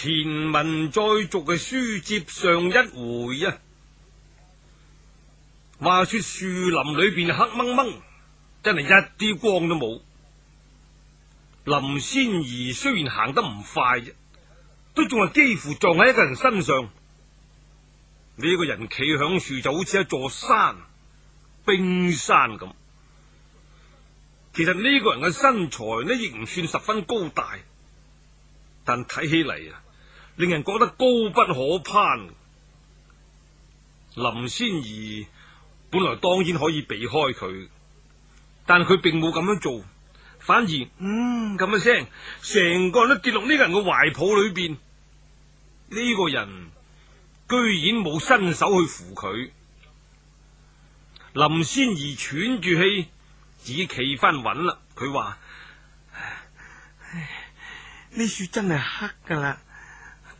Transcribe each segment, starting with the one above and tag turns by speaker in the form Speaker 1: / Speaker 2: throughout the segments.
Speaker 1: 前文再續嘅書接上一回啊，話說樹林裏邊黑掹掹，真係一啲光都冇。林仙兒雖然行得唔快啫，都仲係幾乎撞喺一個人身上。呢個人企響樹就好似一座山，冰山咁。其實呢個人嘅身材呢，亦唔算十分高大，但睇起嚟啊。令人覺得高不可攀。林仙兒本來當然可以避開佢，但佢並冇咁樣做，反而嗯咁一聲，成個人都跌落呢個人嘅懷抱裏邊。呢個人居然冇伸手去扶佢。林仙兒喘住氣，自己企翻穩啦。佢話：唉，呢樹真係黑噶啦。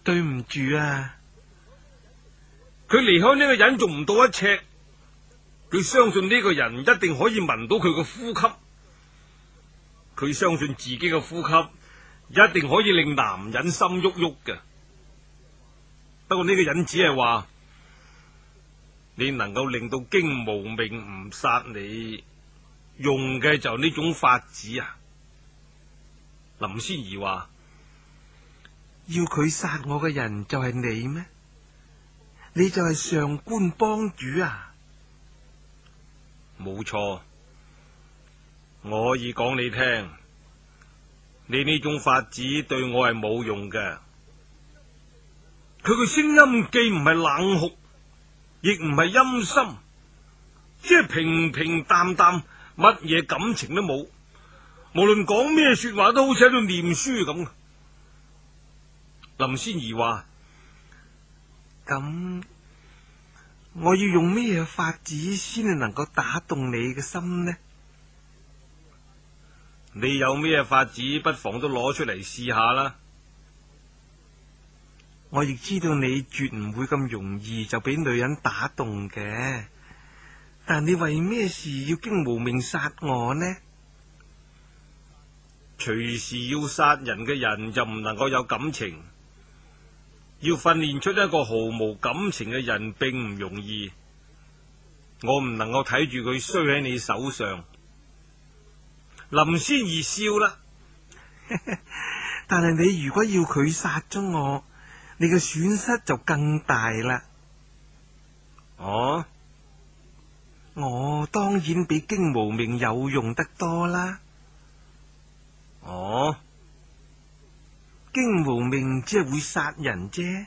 Speaker 1: 對唔住啊，佢離開呢個人仲唔到一尺，佢相信呢個人一定可以聞到佢個呼吸，佢相信自己嘅呼吸一定可以令男人心喐喐㗎。不過呢個人只係話，你能夠令到荊無命唔殺你，用嘅就呢種法子啊。林仙兒話。要佢殺我嘅人就係你咩？你就係上官幫主啊？冇錯，我可以講你聽，你呢種法子對我係冇用嘅。佢嘅聲音既唔係冷酷，亦唔係陰森，即係平平淡淡，乜嘢感情都冇，無論講咩說話都好似喺度念書咁。林仙兒話：咁，我要用咩法子先能夠打動你嘅心呢？你有咩法子，不妨都攞出嚟試下啦。我亦知道你絕唔會咁容易就俾女人打動嘅，但你為咩事要經無命殺我呢？隨時要殺人嘅人就唔能夠有感情。要訓練出一個毫無感情嘅人並唔容易，我唔能夠睇住佢衰喺你手上。林仙兒笑啦， 但係你如果要佢殺咗我，你嘅損失就更大啦。哦，我當然比荊無命有用得多啦。哦。驚無命只係會殺人啫，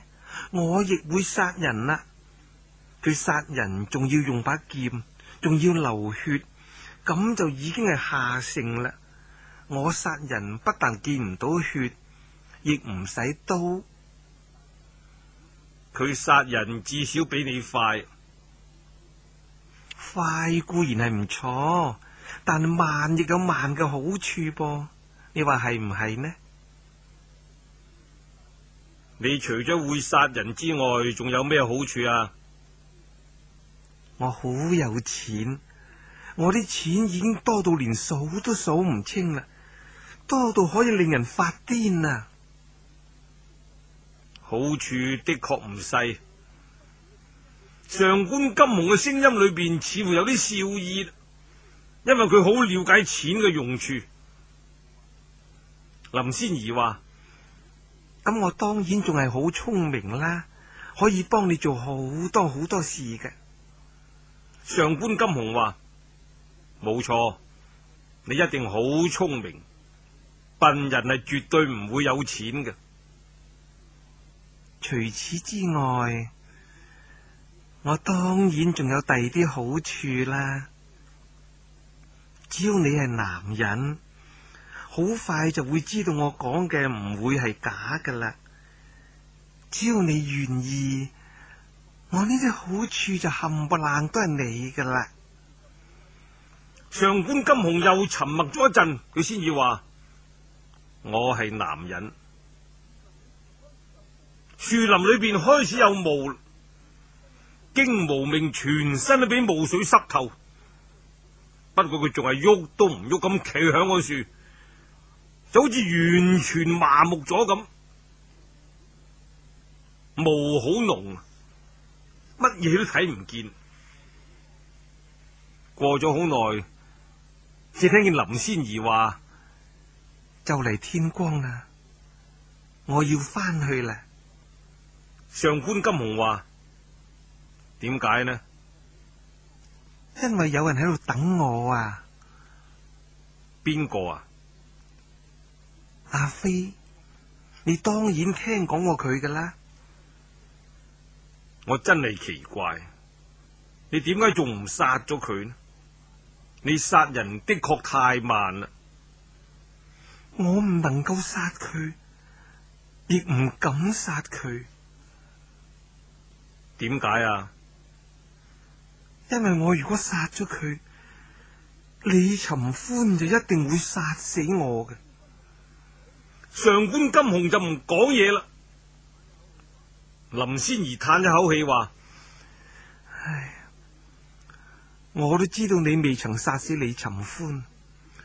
Speaker 1: 我亦會殺人啦。佢殺人仲要用把劍，仲要流血，咁就已經係下乘啦。我殺人不但見唔到血，亦唔使刀。佢殺人至少比你快，快固然係唔錯，但慢亦有慢嘅好處噃。你話係唔係呢？你除咗會殺人之外，仲有咩好處啊？我好有錢，我啲錢已經多到連數都數唔清啦，多到可以令人發癲啊！好處的確唔細。上官金虹嘅聲音裏邊似乎有啲笑意，因為佢好了解錢嘅用處。林仙兒話。咁我當然仲係好聰明啦，可以幫你做好多好多事嘅。上官金鴻話：冇錯，你一定好聰明，笨人係絕對唔會有錢嘅。除此之外，我當然仲有第二啲好處啦。只要你係男人。好快就會知道我講嘅唔會係假噶啦，只要你願意，我呢啲好處就冚唪唥都係你噶啦。上官金虹又沉默咗一陣，佢先至話：我係男人。樹林裏邊開始有霧，荊無命全身都俾霧水濕透，不過佢仲係喐都唔喐咁企響個樹。就好似完全麻木咗咁，霧好濃，乜嘢都睇唔見。過咗好耐，只聽見林仙兒話：就嚟天光啦，我要翻去啦。上官金虹話：點解呢？因為有人喺度等我啊！邊個啊？阿飛，你當然聽講過佢噶啦。我真係奇怪，你點解仲唔殺咗佢呢？你殺人的確太慢啦。我唔能夠殺佢，亦唔敢殺佢。點解啊？因為我如果殺咗佢，李尋歡就一定會殺死我嘅。上官金鴻就唔講嘢啦，林仙兒嘆一口氣話：唉，我都知道你未曾殺死李尋歡，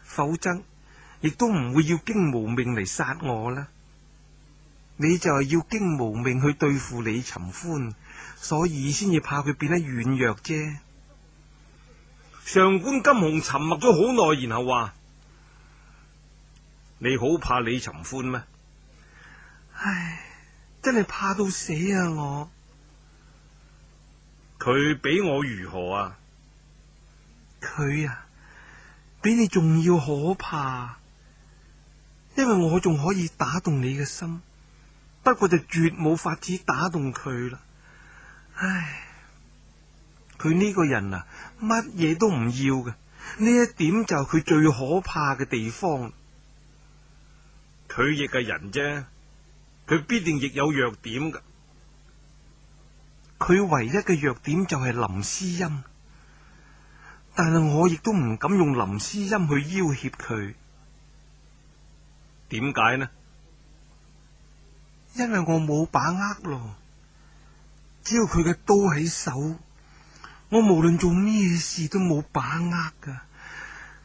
Speaker 1: 否則亦都唔會要驚無命嚟殺我啦。你就係要驚無命去對付李尋歡，所以先至怕佢變得軟弱啫。上官金鴻沉默咗好耐，然後話：你好怕李尋歡咩？唉，真係怕到死啊！我佢比我如何啊？佢啊，比你仲要可怕，因為我仲可以打動你嘅心。不過就絕冇法子打動佢啦。唉，佢呢個人啊，乜嘢都唔要嘅，呢一點就係佢最可怕嘅地方。佢亦係人啫，佢必定亦有弱點噶。佢唯一嘅弱點就係林詩音，但係我亦都唔敢用林詩音去要挾佢。點解呢？因為我冇把握咯。只要佢嘅刀喺手，我無論做咩事都冇把握噶。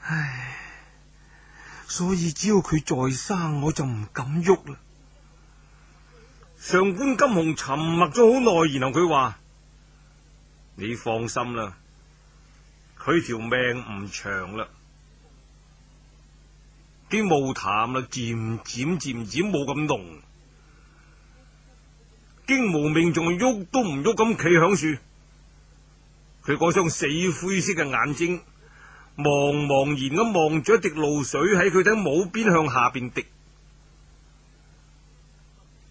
Speaker 1: 唉。所以只要佢再生，我就唔敢喐啦。上官金虹沉默咗好耐，然後佢話：你放心啦，佢條命唔長啦。啲霧淡啦，漸漸漸漸冇咁濃。荊無命仲喐都唔喐咁企響樹，佢嗰雙死灰色嘅眼睛。茫茫然咁望住一滴露水喺佢頂帽邊向下邊滴，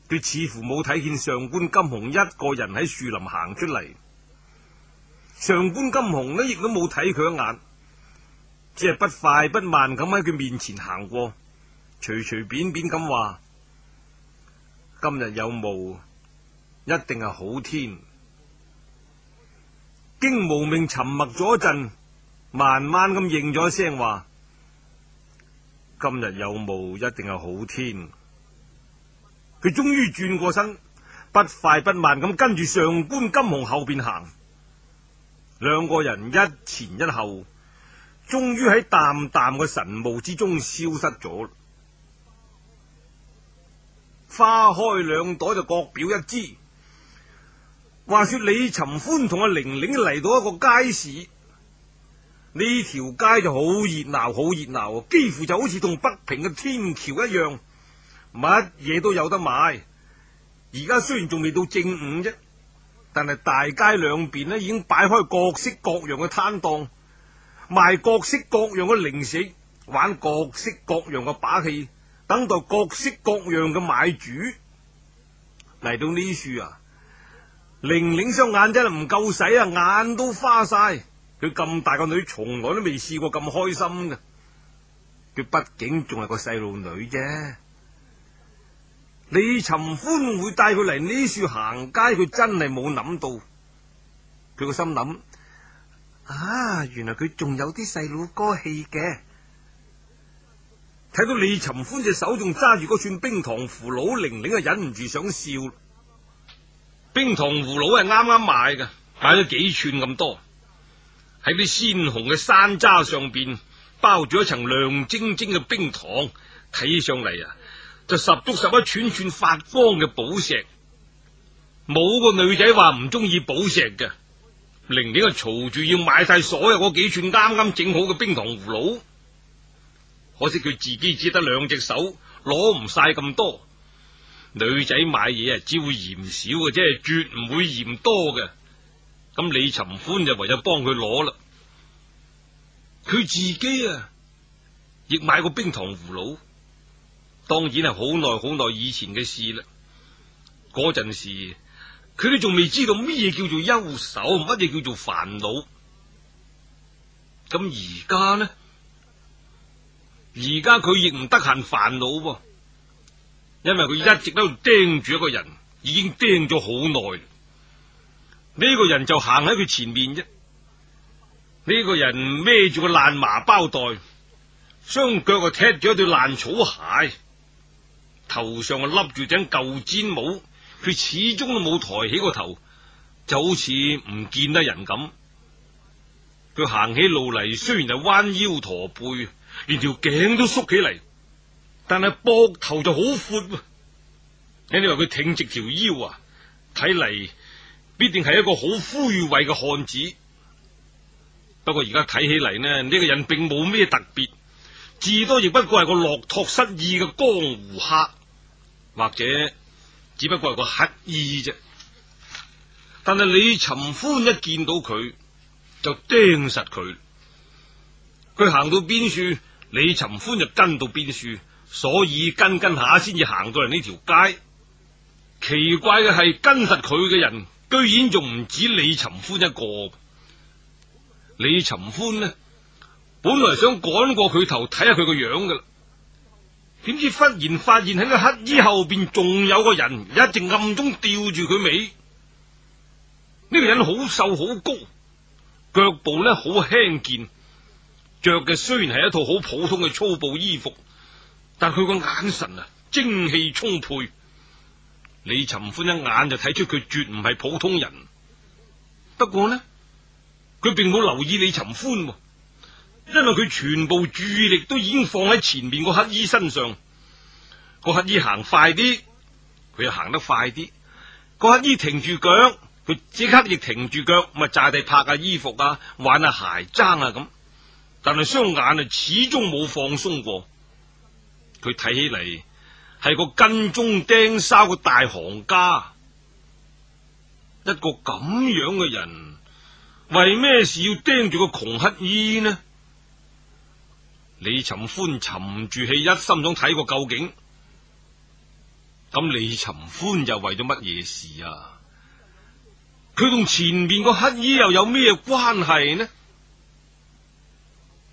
Speaker 1: 佢似乎冇睇見上官金虹一個人喺樹林行出嚟，上官金虹呢亦都冇睇佢一眼，只係不快不慢咁喺佢面前行過，隨隨便便咁話：今日有霧，一定係好天。荊無命沉默咗一陣。慢慢咁應咗一聲話：今日有霧，一定係好天。佢終於轉過身，不快不慢咁跟住上官金鴻後邊行，兩個人一前一後，終於喺淡淡嘅神霧之中消失咗。花開兩朵就各表一枝。話說李尋歡同阿玲玲嚟到一個街市。呢條街就好熱鬧，好熱鬧，幾乎就好似同北平嘅天橋一樣，乜嘢都有得買。而家雖然仲未到正午啫，但係大街兩邊咧已經擺開各式各樣嘅攤檔，賣各式各樣嘅零食，玩各式各樣嘅把戲，等待各式各樣嘅買主。嚟到呢處啊，玲玲雙眼真係唔夠使啊，眼都花晒。佢咁大個女，從來都未試過咁開心㗎。佢畢竟仲係個細路女啫。李尋歡會帶佢嚟呢處行街，佢真係冇諗到。佢個心諗，啊，原來佢仲有啲細路哥氣嘅。睇到李尋歡隻手仲揸住嗰串冰糖葫蘆，玲玲啊，忍唔住想笑。冰糖葫蘆係啱啱買㗎，買咗幾串咁多。喺啲鮮紅嘅山楂上邊包住一層亮晶晶嘅冰糖，睇上嚟啊，就十足十一串串發光嘅寶石。冇個女仔話唔中意寶石嘅，玲玲啊嘈住要買晒所有嗰幾串啱啱整好嘅冰糖葫蘆，可惜佢自己只得兩隻手，攞唔晒咁多。女仔買嘢啊，只會嫌少嘅，即係絕唔會嫌多嘅。咁李尋歡就唯有幫佢攞啦，佢自己啊亦買過冰糖葫蘆，當然係好耐好耐以前嘅事啦。陣時佢都仲未知道乜嘢叫做憂愁，乜嘢叫做煩惱。咁而家呢？而家佢亦唔得閒煩惱，因為佢一直喺度盯住一個人，已經盯咗好耐。呢個人就行喺佢前面啫。呢個人孭住個爛麻包袋，雙腳啊踢住一對爛草鞋，頭上啊笠住頂舊氈帽。佢始終都冇抬起個頭，就好似唔見得人咁。佢行起路嚟，雖然係彎腰駝背，連條頸都縮起嚟，但係膊頭就好闊。你話佢挺直條腰啊？睇嚟。必定係一個好灰圍嘅漢子，不過而家睇起嚟呢，呢，呢個人並冇咩特別，至多亦不過係個落拓失意嘅江湖客，或者只不過係個乞衣啫。但係李尋歡一見到佢就盯實佢，佢行到邊處，李尋歡就跟到邊處，所以跟跟下先至行到嚟呢條街。奇怪嘅係跟實佢嘅人，居然仲唔止李尋歡一個，李尋歡呢？本來想趕過佢頭睇下佢個樣噶啦，點知忽然發現喺個乞衣後邊仲有個人一直暗中吊住佢尾。呢個人好瘦好高，腳步呢好輕健，着嘅雖然係一套好普通嘅粗布衣服，但佢個眼神啊精氣充沛。李尋歡一眼就睇出佢絕唔係普通人，不過呢，佢並冇留意李尋歡，因為佢全部注意力都已經放喺前面個乞衣身上。個乞衣行快啲，佢又行得快啲。個乞衣停住腳，佢即刻亦停住腳，咪炸地拍下衣服啊，玩下鞋踭啊咁。但係雙眼啊始終冇放鬆過，佢睇起嚟係個跟蹤盯梢嘅大行家，一個咁樣嘅人，為咩事要盯住個窮乞衣呢？李尋歡沉住氣，一心想睇個究竟。咁李尋歡又為咗乜嘢事啊？佢同前面個乞衣又有咩關係呢？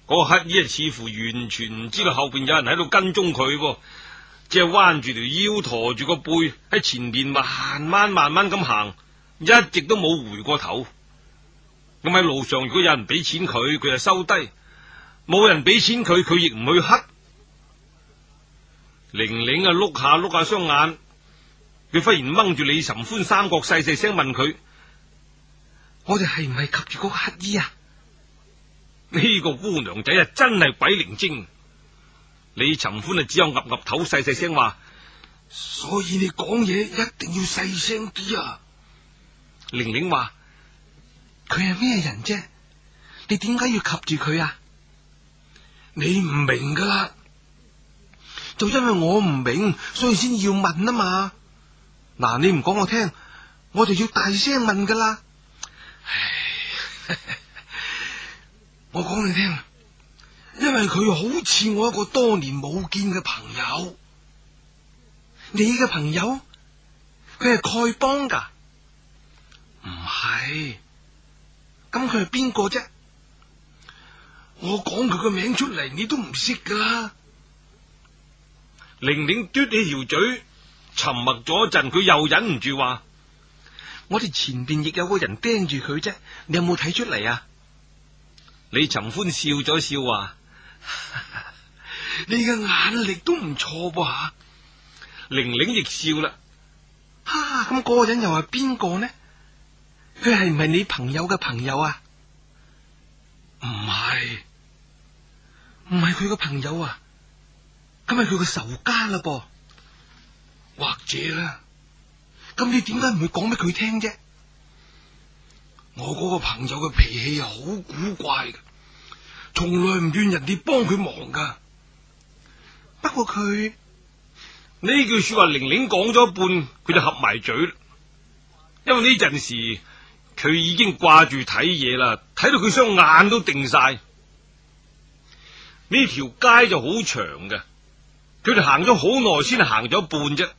Speaker 1: 嗰、那個、乞衣啊，似乎完全唔知道後邊有人喺度跟蹤佢。即係彎住條腰，駝住個背喺前面慢慢慢慢咁行，一直都冇回過頭。咁喺路上，如果有人俾錢佢，佢就收低；冇人俾錢佢，佢亦唔去乞。玲玲啊，碌下碌下雙眼，佢忽然掹住李尋歡三角細細聲問佢：我哋係唔係及住嗰個乞衣啊？呢個姑娘仔啊，真係鬼靈精。李尋歡啊，只有岌岌頭細細聲話，所以你講嘢一定要細聲啲啊！玲玲話：佢係咩人啫？你點解要及住佢啊？你唔明噶啦。就因為我唔明，所以先要問啊嘛。嗱，你唔講我聽，我就要大聲問噶啦。唉 我講你聽。因為佢好似我一個多年冇見嘅朋友，你嘅朋友佢係丐幫噶，唔係，咁佢係邊個啫？我講佢個名出嚟，你都唔識噶。玲玲嘟起條嘴，沉默咗一陣，佢又忍唔住話：我哋前邊亦有個人盯住佢啫，你有冇睇出嚟啊？李尋歡笑咗笑話、啊。 你嘅眼力都唔錯噃吓，玲玲亦笑啦。哈、啊，咁嗰個人又係邊個呢？佢係唔係你朋友嘅朋友啊？唔係是，唔係佢嘅朋友啊，咁係佢嘅仇家嘞噃、啊，或者啦。咁你點解唔去講俾佢聽啫？ 我嗰個朋友嘅脾氣又好古怪嘅。從來唔願人哋幫佢忙噶不過佢呢 句說話，玲玲講咗一半，佢就合埋嘴。因為呢陣時佢已經掛住睇嘢啦，睇到佢雙眼都定晒。呢條街就好長噶佢哋行咗好耐，先行咗一半啫。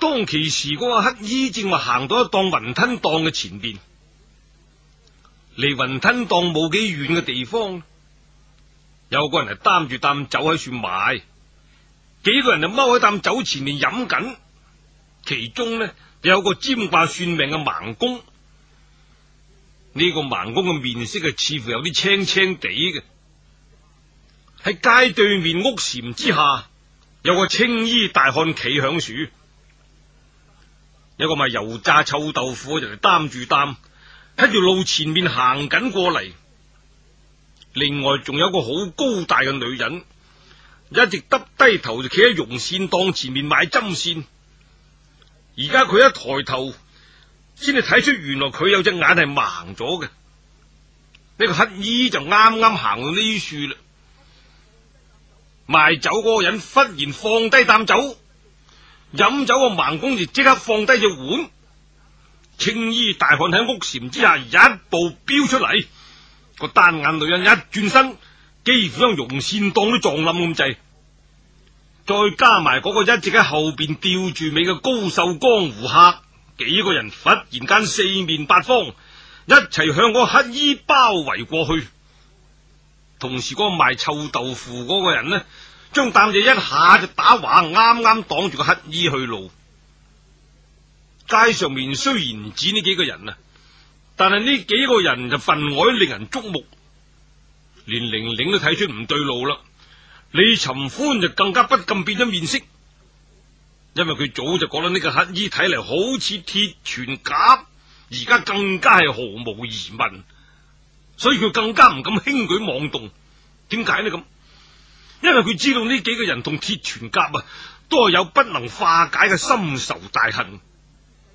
Speaker 1: 當其時嗰個乞衣正話行到一檔雲吞檔嘅前邊，離雲吞檔冇幾遠嘅地方。有個人係擔住擔酒喺處買，幾個人就踎喺擔酒前面飲緊，其中呢，有個占卦算命嘅盲公。呢、這個盲公嘅面色啊似乎有啲青青地嘅。喺街對面屋檐之下有個青衣大漢企響處，有個賣油炸臭豆腐嘅人係擔住擔喺條路前面行緊過嚟。另外仲有個好高大嘅女人，一直耷低頭就企喺絨線檔前面買針線。而家佢一抬頭，先至睇出原來佢有隻眼係盲咗嘅。呢個乞衣就啱啱行到呢處啦。賣酒個人忽然放低啖酒，飲酒個盲公就即刻放低隻碗。青衣大漢喺屋檐之下一步飆出嚟。個單眼女人一轉身，幾乎將絨線檔都撞冧咁滯。再加埋嗰個一直喺後邊吊住尾嘅高手江湖客，幾個人忽然間四面八方一齊向個黑衣包圍過去。同時，嗰個賣臭豆腐嗰個人呢，將擔子一下就打橫，啱啱擋住個黑衣去路。街上面雖然唔止呢幾個人啊。但係呢幾個人就份外令人矚目，連玲玲都睇出唔對路啦。李尋歡就更加不禁變咗面色，因為佢早就覺得呢個黑衣睇嚟好似鐵全甲，而家更加係毫無疑問，所以佢更加唔敢輕舉妄動。點解呢咁？因為佢知道呢幾個人同鐵全甲啊，都係有不能化解嘅深仇大恨，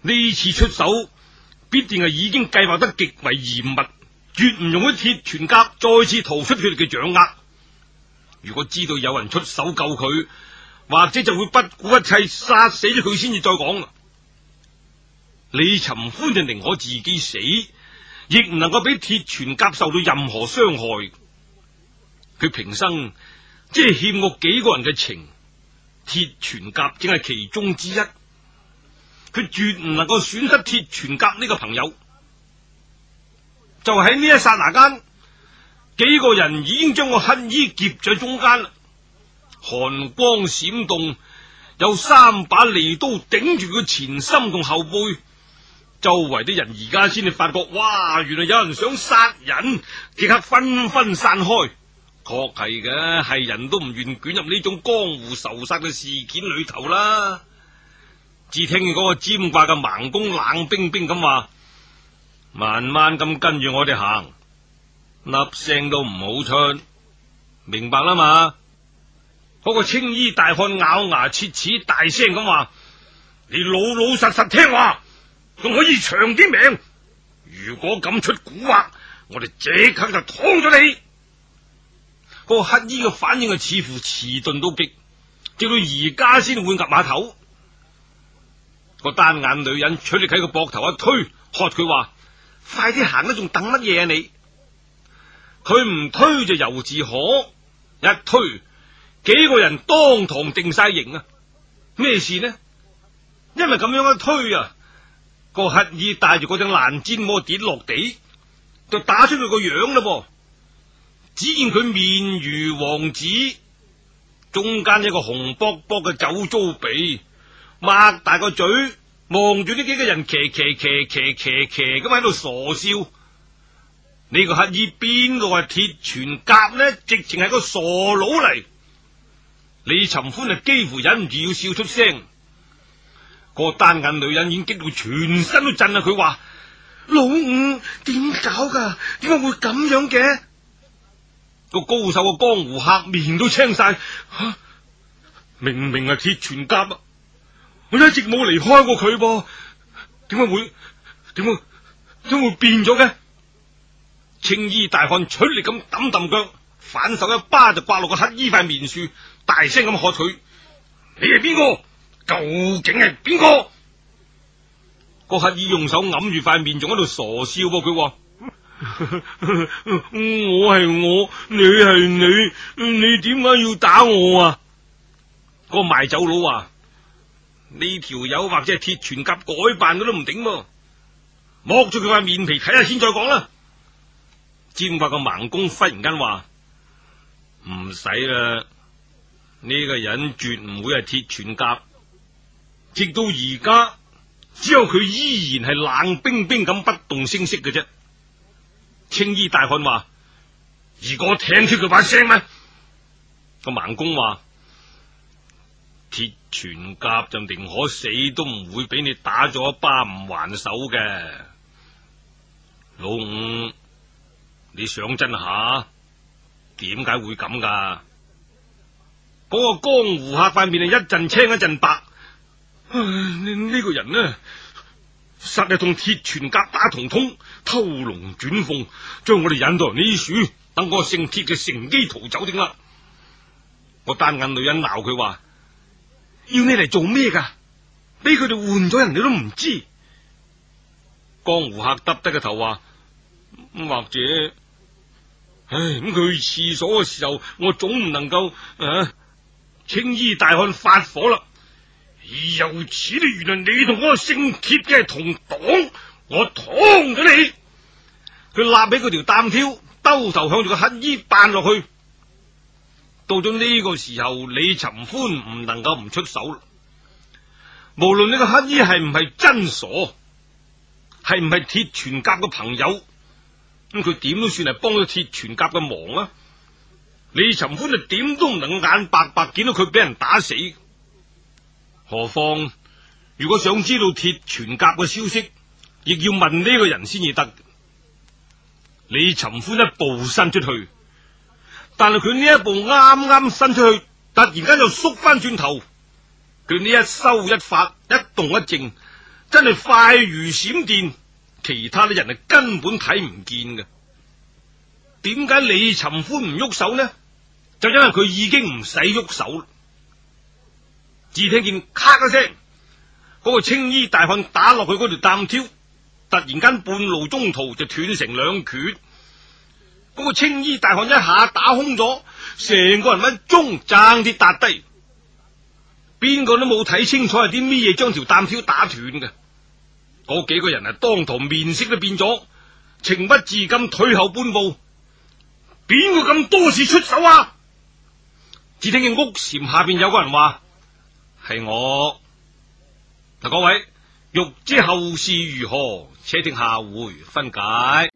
Speaker 1: 呢次出手。必定係已經計劃得極為嚴密，絕唔容許鐵傳甲再次逃出佢哋嘅掌握。如果知道有人出手救佢，或者就會不顧一切殺死咗佢先至再講啦。李尋歡就寧可自己死，亦唔能夠俾鐵傳甲受到任何傷害。佢平生只係欠過幾個人嘅情，鐵傳甲正係其中之一。佢絕唔能夠損失鐵傳甲呢個朋友，就喺呢一剎那間，幾個人已經將個乞衣夾咗中間啦。寒光閃動，有三把利刀頂住佢前心同後背。周圍啲人而家先至發覺，哇！原來有人想殺人，即刻紛紛散開。確係嘅，係人都唔願捲入呢種江湖仇殺嘅事件裏頭啦。只聽見個尖掛嘅盲公冷冰冰咁話：慢慢咁跟住我哋行，粒聲都唔好出，明白啦嘛？嗰個青衣大漢咬牙切齒，大聲咁話：你老老實實聽話，仲可以長啲命。如果敢出蠱惑，我哋即刻就劏咗你。個乞衣嘅反應啊，似乎遲鈍到極，直到而家先會岌吓頭。個單眼女人取力喺個膊頭一推，喝佢話：快啲行啦，仲等乜嘢啊你？佢唔推就猶自可，一推幾個人當堂定晒型啊！咩事呢？因為咁樣一推啊，個乞兒帶住嗰頂爛氈帽跌落地，就打出佢個樣啦噃、啊。只見佢面如黃紙，中間一個紅卜卜嘅酒糟鼻。擘大個嘴望住呢幾個人騎騎騎騎騎騎咁喺度傻笑，呢個乞兒邊個係鐵全甲呢？直情係個傻佬嚟。李尋歡啊，幾乎忍唔住要笑出聲。個單眼女人已經激到全身都震啦。佢話：老五點搞噶？點解會咁樣嘅？個高手個江湖客面都青晒。吓、啊，明明係鐵全甲啊！我一直冇離開過佢噃，點解會？點解？點會變咗嘅？青衣大漢取力咁揼揼腳，反手一巴就刮落個乞衣塊面樹，大聲咁喝佢：你係邊個？究竟係邊個？個乞衣用手揞住塊面，仲喺度傻笑噃。佢話： 我係我，你係你，你點解要打我啊？個賣酒佬啊。」呢條友或者係鐵傳甲改扮，佢都唔頂、啊。剝咗佢塊面皮睇下先，看看再講啦、啊。尖發個盲公忽然間話：唔使啦，呢、呢個人絕唔會係鐵傳甲。直到而家，只有佢依然係冷冰冰咁不動聲色嘅啫。青衣大漢話：如果我聽出佢把聲咩？個盲公話。鐵全甲就寧可死都唔會俾你打咗一巴唔還手嘅，老五，你想真下。點解會咁㗎？嗰、那個江湖客塊面啊一陣青一陣白，唉，呢、這、呢個人呢，殺一通鐵全甲打同通偷龍轉鳳，將我哋引到呢處，等個姓鐵嘅乘機逃走定啦？個單眼女人鬧佢話。要你嚟做咩噶？俾佢哋換咗人，你都唔知。江湖客耷低個頭話，或者，唉，咁佢去廁所嘅時候，我總唔能夠啊！青衣大漢發火啦，而由此呢，原來你同個姓鐵嘅同黨，我捅咗你。佢立起佢條擔挑，兜頭向住個乞衣扮落去。到咗呢個時候，李尋歡唔能夠唔出手啦。無論呢個乞兒係唔係真傻，係唔係鐵傳甲嘅朋友，咁佢點都算係幫咗鐵傳甲嘅忙啊！李尋歡就點都唔能夠眼白白見到佢俾人打死。何況如果想知道鐵傳甲嘅消息，亦要問呢個人先至得。李尋歡一步身出去。但係佢呢一步啱啱伸出去，突然間就縮翻轉頭。佢呢一收一發，一動一靜，真係快如閃電。其他啲人係根本睇唔見嘅。點解李尋歡唔喐手呢？就因為佢已經唔使喐手。只聽見咔一聲，嗰個青衣大漢打落去嗰條擔挑，突然間半路中途就斷成兩拳。嗰個青衣大漢一下打空咗，成個人一中爭啲笪低，邊個都冇睇清楚係啲咩嘢將條擔挑打斷嘅？幾個人啊，當堂面色都變咗，情不自禁退後半步。邊個咁多事出手啊？只聽見屋檐下邊有個人話：係我。嗱，各位欲知後事如何，且聽下回分解。